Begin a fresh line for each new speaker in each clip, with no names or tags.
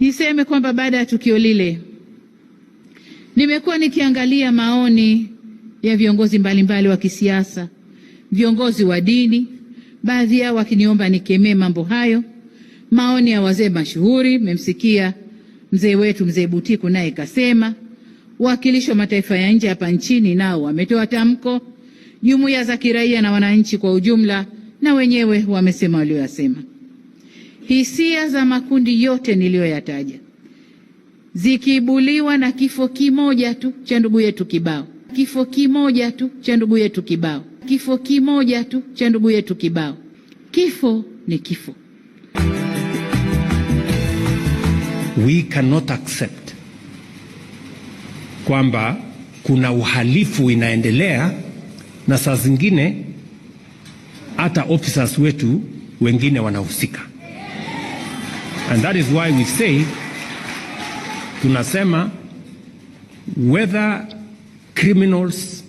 Niseme kwamba baada ya tukio lile nimekuwa nikiangalia maoni ya viongozi mbalimbali wa kisiasa, viongozi wa dini, baadhi yao wakiniomba nikemee mambo hayo, maoni ya wazee mashuhuri. Mmemsikia mzee wetu mzee Butiku naye kasema, wawakilishi wa mataifa ya nje hapa nchini nao wametoa tamko, jumuiya za kiraia na wananchi kwa ujumla na wenyewe wamesema walioyasema. Hisia za makundi yote niliyoyataja zikiibuliwa na kifo kimoja tu cha ndugu yetu kibao, kifo kimoja tu cha ndugu yetu kibao, kifo kimoja tu cha ndugu yetu kibao. Kifo ni kifo. We cannot accept
kwamba kuna uhalifu inaendelea, na saa zingine hata officers wetu wengine wanahusika. And that is why we say tunasema whether criminals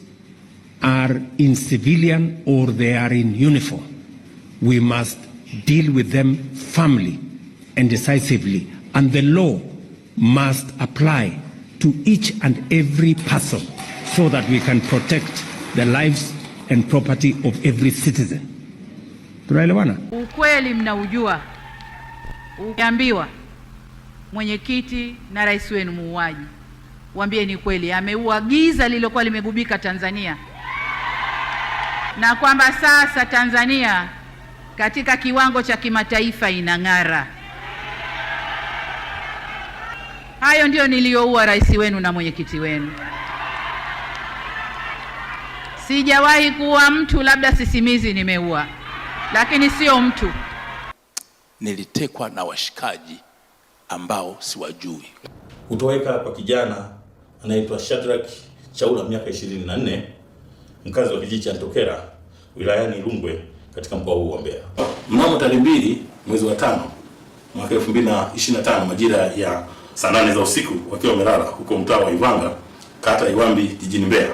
are in civilian or they are in uniform we must deal with them firmly and decisively and the law must apply to each and every person so that we can protect the lives and property of every citizen. Tunaelewana?
Ukweli mnaujua ukiambiwa mwenyekiti na rais wenu muuaji, waambie ni kweli, ameua giza lililokuwa limegubika Tanzania, na kwamba sasa Tanzania katika kiwango cha kimataifa inang'ara. Hayo ndiyo niliyoua rais wenu na mwenyekiti wenu. Sijawahi kuua mtu, labda sisimizi nimeua, lakini sio mtu
nilitekwa na washikaji ambao siwajui.
Kutoweka kwa kijana anaitwa Shadrack Chaula miaka 24 mkazi wa kijiji cha Ntokera wilayani Rungwe katika mkoa huu wa Mbeya. Mnamo tarehe mbili mwezi wa tano mwaka 2025 majira ya saa nane za usiku wakiwa wamelala huko mtaa wa Ivanga kata Iwambi jijini Mbeya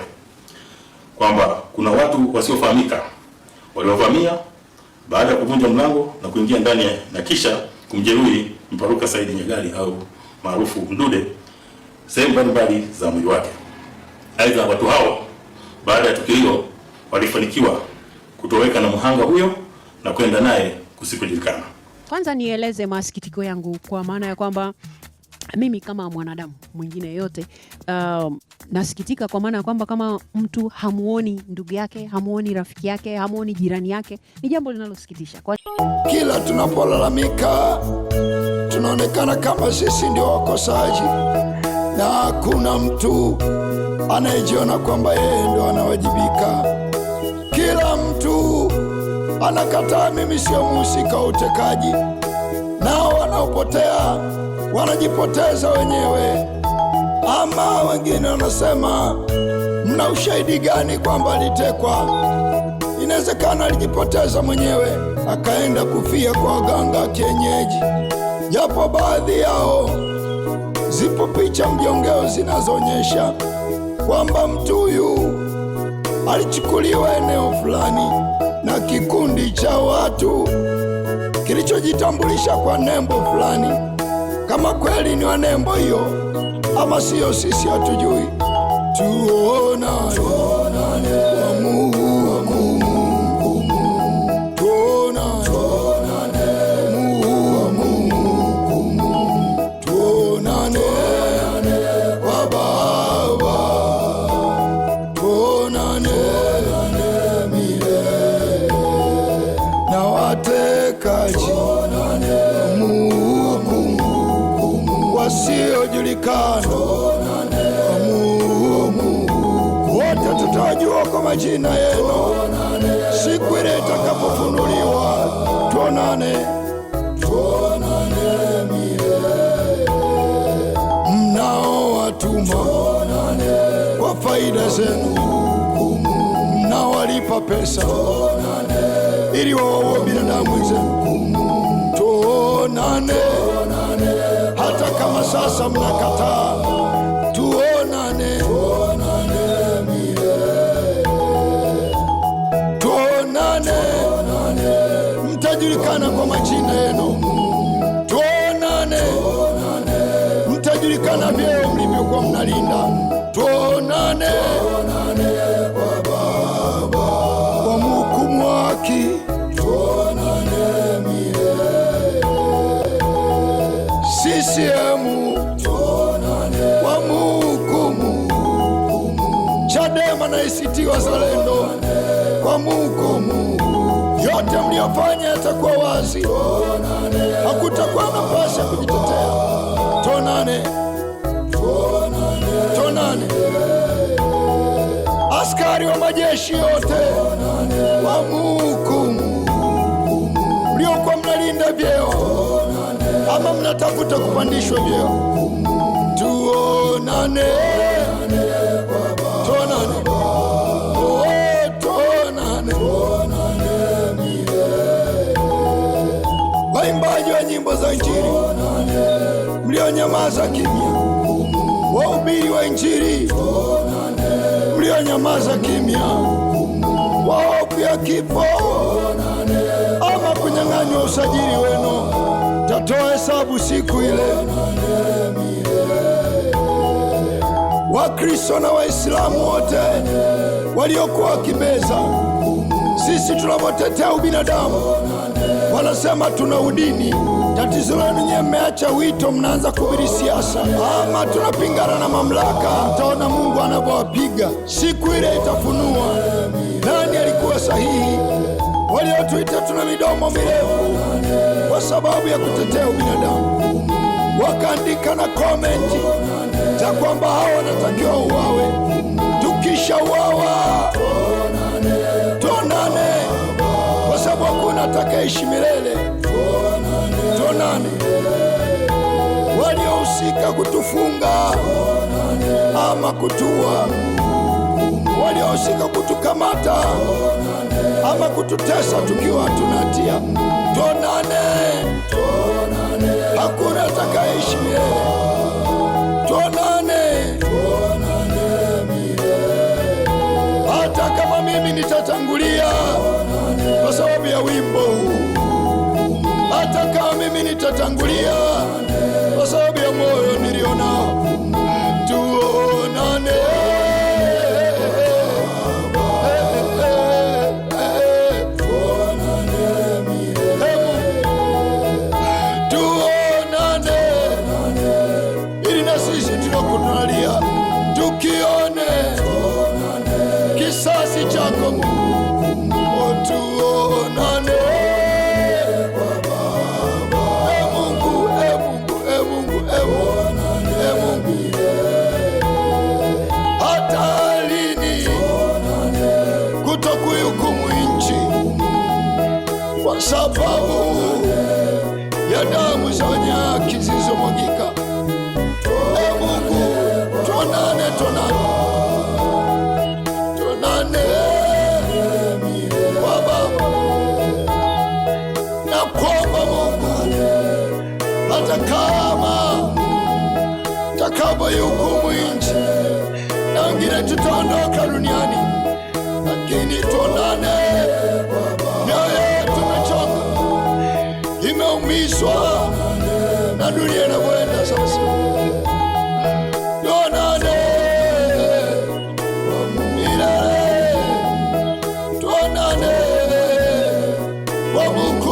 kwamba kuna watu wasiofahamika waliovamia baada ya kuvunja mlango na kuingia ndani na kisha kumjeruhi Mparuka Saidi Nyagali au maarufu Mdude sehemu mbalimbali za mwili wake. Aidha, watu hao baada ya tukio hilo walifanikiwa kutoweka na mhanga huyo na kwenda naye kusikojulikana.
Kwanza nieleze masikitiko yangu kwa maana ya kwamba mimi kama mwanadamu mwingine yote um, nasikitika kwa maana ya kwamba kama mtu hamuoni ndugu yake, hamuoni rafiki yake, hamuoni jirani yake, ni jambo linalosikitisha kwa...
kila tunapolalamika tunaonekana kama sisi ndio wakosaji, na hakuna mtu anayejiona kwamba yeye ndo anawajibika. Kila mtu anakataa, mimi sio muhusika wa utekaji, nao wanaopotea wanajipoteza wenyewe, ama wengine wanasema mna ushahidi gani kwamba alitekwa? Inawezekana alijipoteza mwenyewe akaenda kufia kwa waganga kienyeji, japo baadhi yao zipo picha mjongeo zinazoonyesha kwamba mtu huyu alichukuliwa eneo fulani na kikundi cha watu kilichojitambulisha kwa nembo fulani kama kweli ni wanembo hiyo ama siyo, sisi hatujui. Tuonane. Tunajua kwa majina yenu, siku ile itakapofunuliwa tuonane. Mnao watuma kwa faida zenu, mnawalipa pesa ili wawaue binadamu wenzenu. Tuonane hata kama sasa mnakataa mtajulikana kwa majina yenu. Tuonane, mtajulikana vyeo mlimekuwa mnalinda. Tuonane kwa mhukumu waki sisiemu kwa mhukumu Chadema na ACT Wazalendo kwa mhukumu yote mliyofanya yatakuwa wazi, hakutakuwa nafasi ya kujitetea. Tuonane, tuonane. Askari wa majeshi yote wamuhukumu, mliokuwa mnalinda vyeo ama mnatafuta kupandishwa vyeo, tuonane. mlionyamaza kimya, wahubiri wa Injili mlionyamaza kimya, ya kifo ama kunyang'anywa usajili wenu, tatoa hesabu siku ile. Wakristo na Waislamu wote waliokuwa wakimeza, sisi tunapotetea ubinadamu wanasema tuna udini. Tatizo lenu nyewe, mmeacha wito, mnaanza kuhubiri siasa. Ama tunapingana na mamlaka, mtaona Mungu anavyowapiga. Siku ile itafunua nani alikuwa sahihi. Waliotuita tuna midomo mirefu kwa sababu ya kutetea ubinadamu, wakaandika na komenti za kwamba hawa wanatakiwa uwawe, tukisha uwawa Bwana atakaishi milele. Tuonane. Waliohusika kutufunga ama kutua, waliohusika kutukamata ama kututesa tukiwa tunatia, tonane Hakuna atakaishi milele. Tuonane. Hata kama mimi nitatangulia wimbo huu, hata kama mimi nitatangulia sababu ya damu za wenye haki zilizomwagika. E ee Mungu, tuonane, tuonane what will